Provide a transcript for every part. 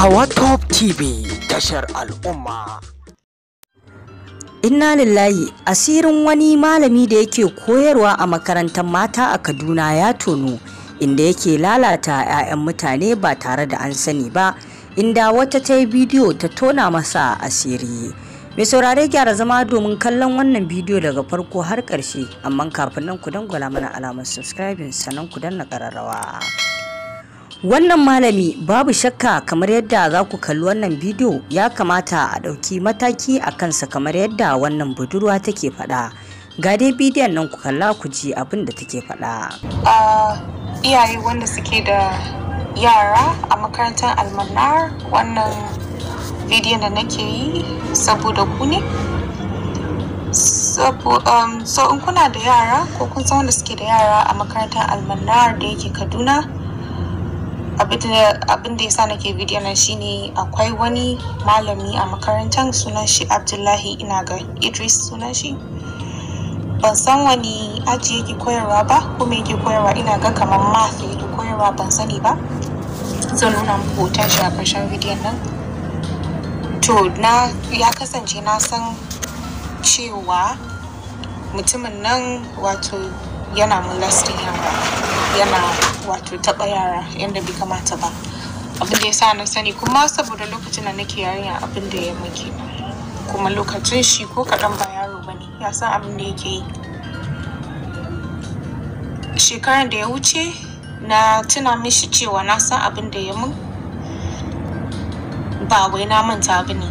Hausawa Top TV tashar al'umma. Inna lillahi asirin wani malami da yake koyarwa a makarantar mata a Kaduna ya tono inda yake lalata 'ya'yan mutane ba tare da an sani ba inda wata ta yi bidiyo ta tona masa asiri. Mai saurare gyara zama domin kallon wannan bidiyo daga farko har ƙarshe amma kafin nan ku dangwala mana alamar subscribing sannan ku danna ƙararrawa. Wannan malami babu shakka kamar yadda za ku kalli wannan bidiyo ya kamata a ɗauki mataki a kansa kamar yadda wannan budurwa take faɗa. Ga dai bidiyon nan ku kalla ku ji abin da take faɗa. Iyaye wanda suke da yara a makarantar almanar wannan bidiyon da nake yi saboda ku ne. Um, so in kuna da yara ko kun san wanda suke da yara a makarantar almanar da yake Kaduna. abin da yasa nake bidiyon nan shine akwai wani malami a makarantar sunan shi abdullahi ina ga idris sunan shi ban san wani aji yake koyarwa ba kuma yake koyarwa ina ga kamar math yake koyarwa ban sani ba zan nuna muku hoton shi a ƙarshen bidiyon nan to na ya kasance na san cewa mutumin nan wato yana molesting yara yana wato taba yara yadda bai kamata ba abin da ya sa na sani kuma saboda lokacin da nake yarinya abin da ya muke kuma lokacin shi ko kaɗan ba yaro ba ne ya san abin da yake yi shekaran da ya wuce na tuna mishi cewa na san abin da ya mun ba wai na manta ba ne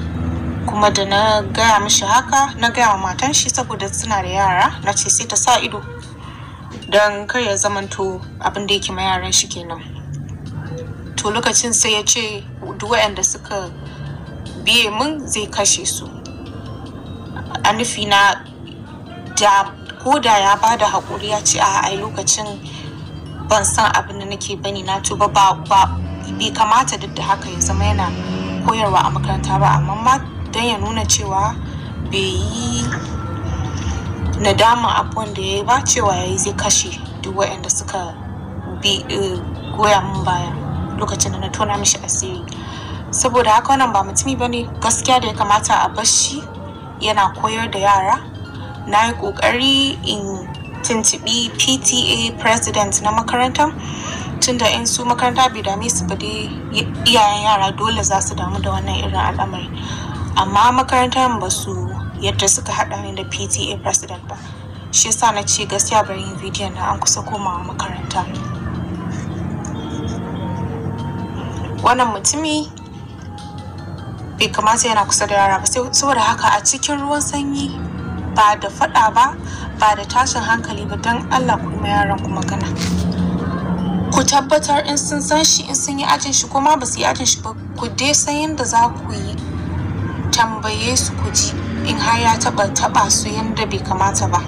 kuma da na gaya mishi haka na gaya wa matan shi saboda suna da yara na ce sai ta sa ido don kar ya zama to abin da yake ma yaran shi kenan to lokacin sai ya ce duk waɗanda suka biye mun zai kashe su a nufi na da ko da ya ba da haƙuri ya ce a ai lokacin ban san abin da nake bani na ba ba bai kamata duk da haka ya zama yana koyarwa a makaranta ba amma ma don ya nuna cewa bai yi nadama abu da ya yi ba cewa ya yi zai kashe duk waɗanda suka bi eh, goya min baya lokacin da na tona mishi asiri saboda haka wannan ba mutumi ba ne gaskiya da ya kamata a bashi yana koyar da yara na yi ƙoƙari in tuntuɓi pta president na makaranta tunda in su makaranta bai dame su ba dai iyayen yara dole za su damu da wannan irin al'amari amma makarantar ba su yadda suka haɗa ni da PTA president ba. Shi yasa na ce gaskiya bari yin bidiyon na an kusa komawa makaranta. Wannan mutumi bai kamata yana kusa da yara ba sai saboda haka a cikin ruwan sanyi ba da faɗa ba ba da tashin hankali ba don Allah ku ma yaran ku magana. ku tabbatar in sun san shi in sun yi ajin shi kuma ba su yi ajin shi ba ku dai san yadda za ku yi tambaye su ku in har ya taba taɓa su yadda bai kamata ba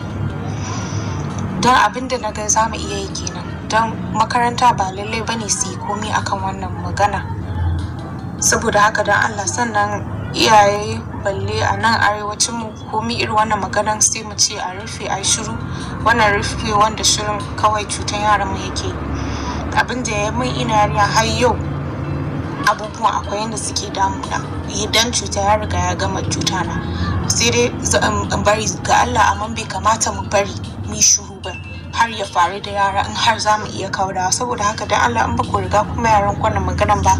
don abin da na ga za mu iya yi kenan don makaranta ba lallai bane su yi komi akan wannan magana saboda haka don allah sannan iyaye balle a nan arewacin mu komi irin wannan maganan sai mu ce a rufe a shiru wannan rufe wanda shirin kawai cutan yaran mu yake abin da ya mun ina har yau abubuwan akwai yadda suke damuna idan cuta ya riga ya gama cuta na sai dai in bari ga Allah amma bai kamata mu bari mu shuru ba har ya faru da yara in har za mu iya kaudawa saboda haka dan Allah in ba riga kuma yaran kwanan maganan ba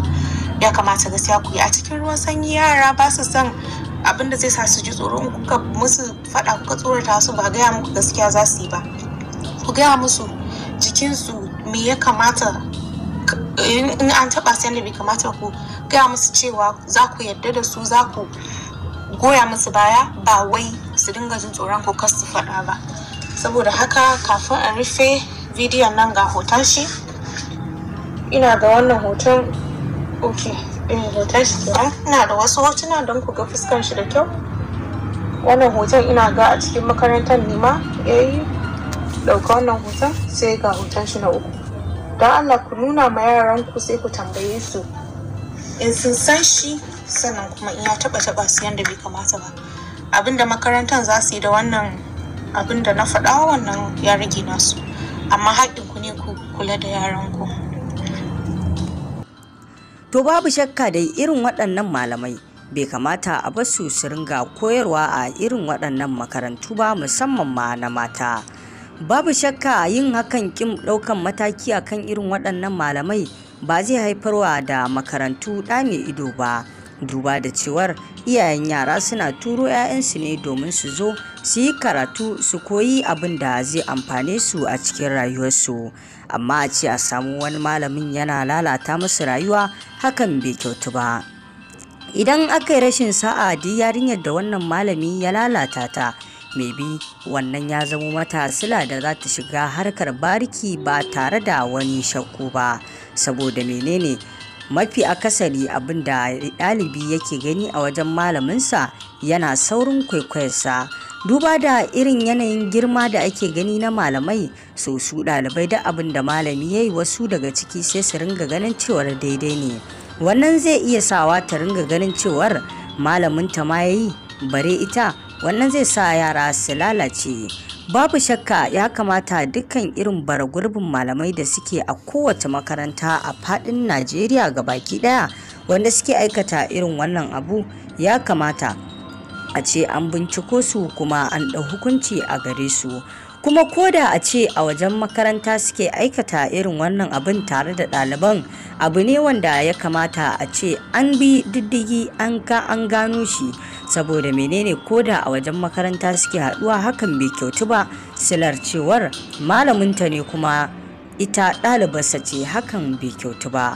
ya kamata gaskiya ku yi a cikin ruwan sanyi yara ba su san abin da zai sa su ji tsoro in kuka musu faɗa kuka tsorata su ba gaya muku gaskiya za su yi ba ku gaya musu jikinsu me ya kamata in an taba sai bai kamata ku gaya musu cewa za ku yarda da su za ku goya musu baya ba wai su dinga jin tsoron ku kas su faɗa ba saboda haka kafin a rufe bidiyon nan ga hoton shi ina ga wannan hoton ok ina eh, hoton shi kenan ina da wasu hotuna don ku ga fuskan shi da kyau wannan hoton ina ga a cikin makarantar nima ya eh, yi ɗauka wannan hoton sai ga hoton shi na uku don allah ku nuna ma yaran ku sai ku tambaye su in sun san shi sannan kuma in ya taba taba su yanda bai kamata ba abinda makarantar za su yi da wannan abinda na faɗa wannan ya rage nasu amma haƙin ku ne ku kula da yaran ku to babu shakka dai irin waɗannan malamai bai kamata a basu su ringa koyarwa a irin waɗannan makarantu ba musamman ma na mata babu shakka yin hakan kin ɗaukan mataki akan irin waɗannan malamai ba zai haifarwa da makarantu ɗa ido ba duba da cewar iyayen yara suna turo 'ya'yansu ne domin su zo su yi karatu su koyi abin da zai amfane su a cikin rayuwarsu amma a ce a samu wani malamin yana lalata musu rayuwa hakan bai kyautu ba idan aka yi rashin sa'a da yarinyar da wannan malami ya lalata ta mai bi wannan ya zamo mata sila da za ta shiga harkar bariki ba tare da wani shakku ba saboda menene mafi akasari abin da ɗalibi yake gani a wajen malaminsa yana saurin kwaikwayarsa duba da irin yanayin girma da ake gani na malamai so su ɗalibai da abin da malami ya yi wasu daga ciki sai su ringa ganin cewar daidai ne wannan zai iya sawa ta ringa ganin cewar malamin ta ma ya yi bare ita wannan zai sa yara su lalace babu shakka ya kamata dukkan irin baragurbin malamai da suke a kowace makaranta a fadin najeriya ga baki daya wanda suke aikata irin wannan abu ya kamata a ce an binciko su kuma an ɗau hukunci a gare su kuma koda a ce a wajen makaranta suke aikata irin wannan abin tare da ɗaliban abu ne wanda ya kamata a ce an bi diddigi an ga an gano shi saboda menene koda a wajen makaranta suke haɗuwa hakan bai kyautu ba silar cewar malaminta ne kuma ita ɗalibarsa ce hakan bai kyautu ba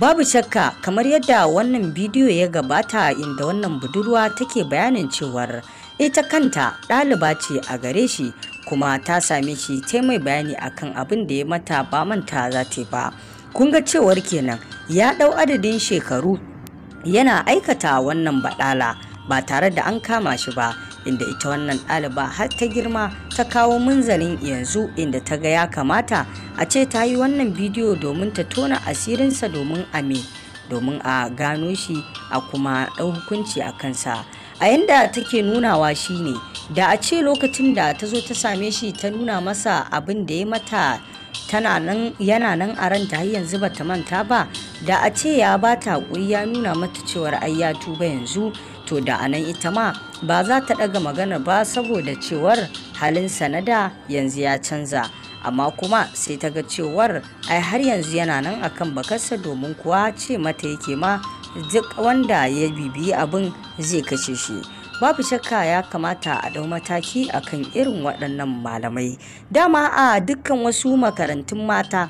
babu shakka kamar yadda wannan bidiyo ya gabata inda wannan budurwa take bayanin cewar ita kanta ɗaliba ce a gare shi kuma ta same shi ta mai bayani akan abin da ya mata ba manta za ta ba kun ga cewar kenan ya ɗau adadin shekaru yana aikata wannan badala ba tare da an kama shi ba inda ita wannan ɗaliba har ta girma ta kawo munzalin yanzu inda ta ga ya kamata a ce ta yi wannan bidiyo domin ta tona asirinsa domin ame domin a gano shi a kuma ɗau hukunci a kansa a yanda take nunawa shi ne, da a ce lokacin da ta zo ta same shi ta nuna masa abin da ya mata tana nan yana nan a ran ta yanzu ba ta manta ba da a ce ya ba ta ya nuna mata cewar ayyatu ba yanzu to da anan ita ma ba za ta daga magana ba saboda cewar halin sanada yanzu ya canza amma kuma sai ta ga cewar ai har yanzu yana nan akan bakarsa domin kuwa ce mata yake ma duk wanda ya bibiyi abin zai kashe shi babu shakka ya kamata a dau mataki akan irin waɗannan malamai dama a dukkan wasu makarantun mata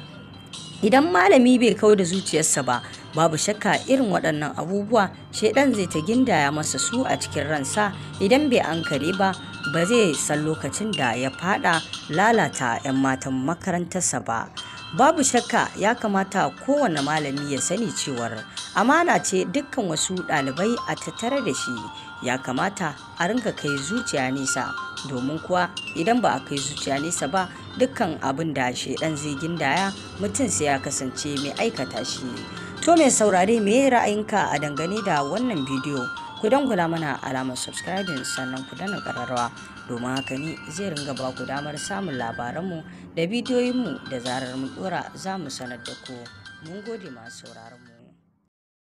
idan malami bai kau da zuciyarsa ba babu shakka irin waɗannan abubuwa shaidan zai ta gindaya masa su a cikin ransa idan bai ankare ba ba zai san lokacin da ya fada lalata 'yan matan makarantarsa ba babu shakka ya kamata kowane malami ya sani cewar amana ce dukkan wasu ɗalibai a tattare da shi ya kamata a ringa kai zuciya nesa domin kuwa idan ba a kai zuciya nesa ba dukkan abin da shaidan zai gindaya mutum sai ya kasance mai aikata shi to mai saurare me ra'ayinka a dangane da wannan bidiyo ku don dangula mana alamar subscribing sannan ku dana kararrawa domin haka ne zai ringa ba ku damar samun labaranmu da bidiyoyinmu da zarar mu dora za mu sanar da ku mun gode masu sauraronmu